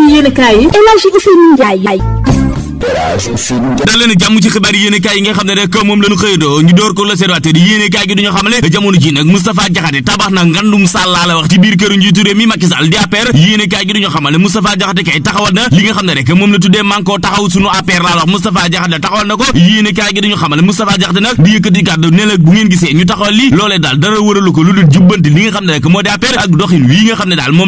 ci yéenekaay yi El Hadji Ousseynou Ndiaye da leen jàmm ci xibaar yéene kaay yi nga xam ne rek moom la xëyadoo ñu door ko la wax ci di yéene kaay gi duñu xamale ne rek moom la taxawal na ko yéene kaay gi duñu xamale Moustapha Diakhaté nag di yëkkati kàddu ne la bu ngeen gisee ñu taxawal li loolee daal dara wëralu ko lu dul jubbanti li nga xam ne rek moom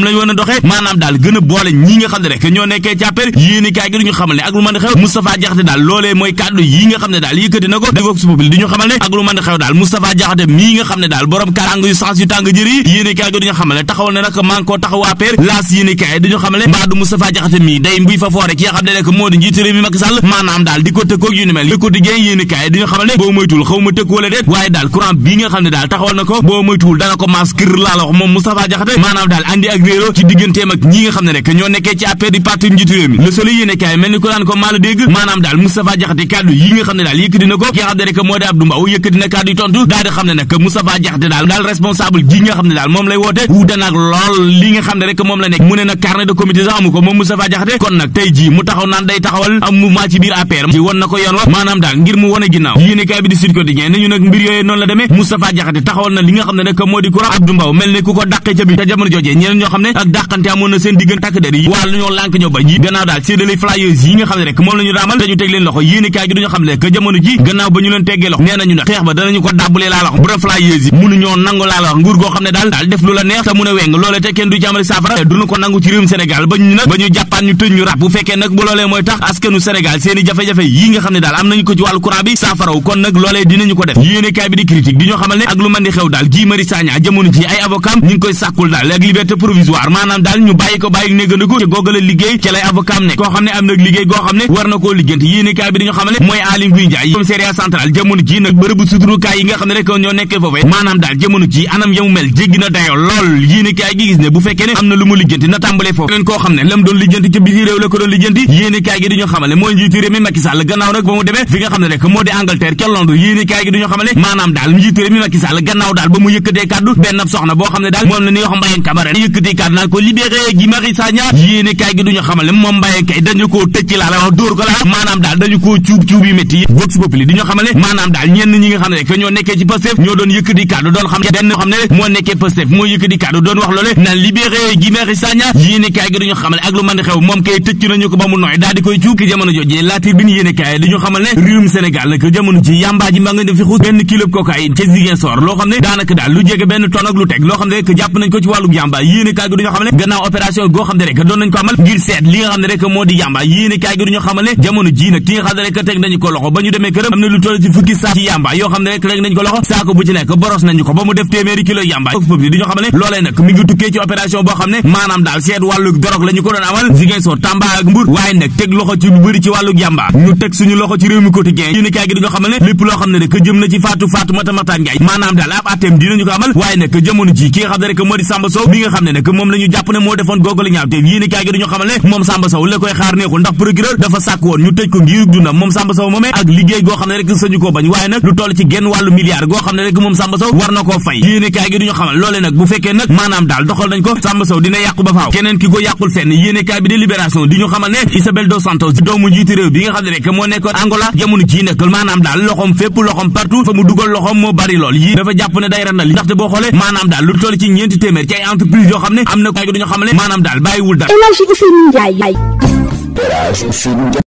lañ woon a doxee maanaam daal gën a boole ñi nga xam ne rek ñoo nekkee ci APR yéene kaay gi duñu xamale ak lu mën xew Moustapha Diakhaté daal loolee mooy kàddu yi nga xam ne daal yëkkati na ko di Vox Populi di daal Moustapha Diakhaté nga xam ne daal borom karang yu sens yu tàng jëri nga xam ne rek moo di njiitu réew di ko tëkkoog yu ni mel Le ko boo ko maas kër maanaam daal Moustapha Diakhaté kaddu yi nga xam ne daal yëkkati na ko ki xam ne rek yëkkati na kaddu yi xam ne daal responsable gi nga xam ne daal moom lay woote wuute nag lool li nga xam ne rek moom la nekk mu ne taxawal na ko yoon wa maanaam daal ngir mu wane ginnaaw yéene kaay bi di Sud Quotidien nañu la demee Moustapha Diakhaté taxawal na li nga xam ne rek moo di courant Abdou Mbow mel ni ku ko dàqee ca bi te jamono jooje ñeneen ñoo xam ne ak dàqante amoon na seen diggante takk der yi wàllu lànk nañu raamal dañu teg leen loxo i gi duñu xam le jamono ji gannaaw ba ñu leen ba ko la wax la wax nguur def lu la neex a weng te kenn du ko nangu ci Sénégal ba ñu ba ñu ñu ñu bu bu tax Sénégal jafe-jafe yi nga am nañu ko ci courant bi kon dinañu ko def bi di critique di xamal ne ak lu xew jamono ji ay avocat ñu koy ak liberté provisoire ñu ci lay avocat ne am war na koo lijjanti yéenekaay bi dañu xamale mooy Aly Ngouille Ndiaye commissariat central jamono ji nag bërëbu suturukaay yi nga xam ne rek ñoo nekkee foofee maanaam daal jamono ji anam yamu mel la ko doon lijjanti yéenekaay gi dañu duñu xamale moom Mbayang kay dañu koo tëj laa la wax dóor ko Nicolas maanaam daal dañu koo cuub cuub yu métti yi populi di ñoo maanaam daal ñenn ñi nga xam ne rek ñoo nekkee ci Pastef ñoo doon yëkkati kàddu doon doon xam ne rek jàpp nañ ko ci wàllu yàmbaa yéene kaay duñu xamal gannaaw opération goo xam ne rek doon nañ ko amal ngir seet li nga xam ne rek moo di yàmbaa yéene kaay duñu xamal ne jamono ji nag ki nga xam ne rek teg nañu ko loxo ba ñu demee këram am na lu toll ci fukki saa ci yàmba yoo xam ne rek teg nañu ko loxo saako bu ci nekk boros nañu ko ba mu def téeméeri kilo yàmba pbi xam ne loolee nag mi ngi tukkee ci opération boo xam ne maanaam daal seet wàllu dorog la ko doon amal Ziguinchor Tamba ak Mbour waaye nag teg loxo ci lu bëri ci wàllu yàmba ñu teg suñu loxo ci réew mi ko amal waaye nag jamono ji ki ne rek sàkk woon ñu tëj ko ngir dundam moom Samba Sow moomee ak liggéey goo xam ne rek sañu koo bañ waaye nag lu toll ci genn wàllu milliard goo xam ne rek moom Samba Sow war na koo fay yéene gi duñu xamal loole nag bu fekkee nag maanaam daal doxal nañ ko Samba Sow dina yàqu ba faaw keneen ki ko yàqul fenn yéene bi de libération xamal ne Isabel dos Santos doomu njiiti réew bi nga xam ne rek moo nekkoon Angola jamono ji nekkal maanaam daal loxoom